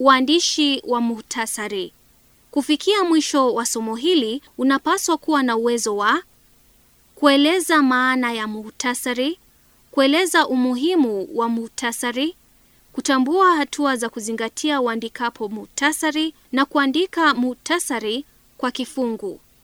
Uandishi wa muhtasari. Kufikia mwisho wa somo hili, unapaswa kuwa na uwezo wa kueleza maana ya muhtasari, kueleza umuhimu wa muhtasari, kutambua hatua za kuzingatia uandikapo muhtasari na kuandika muhtasari kwa kifungu.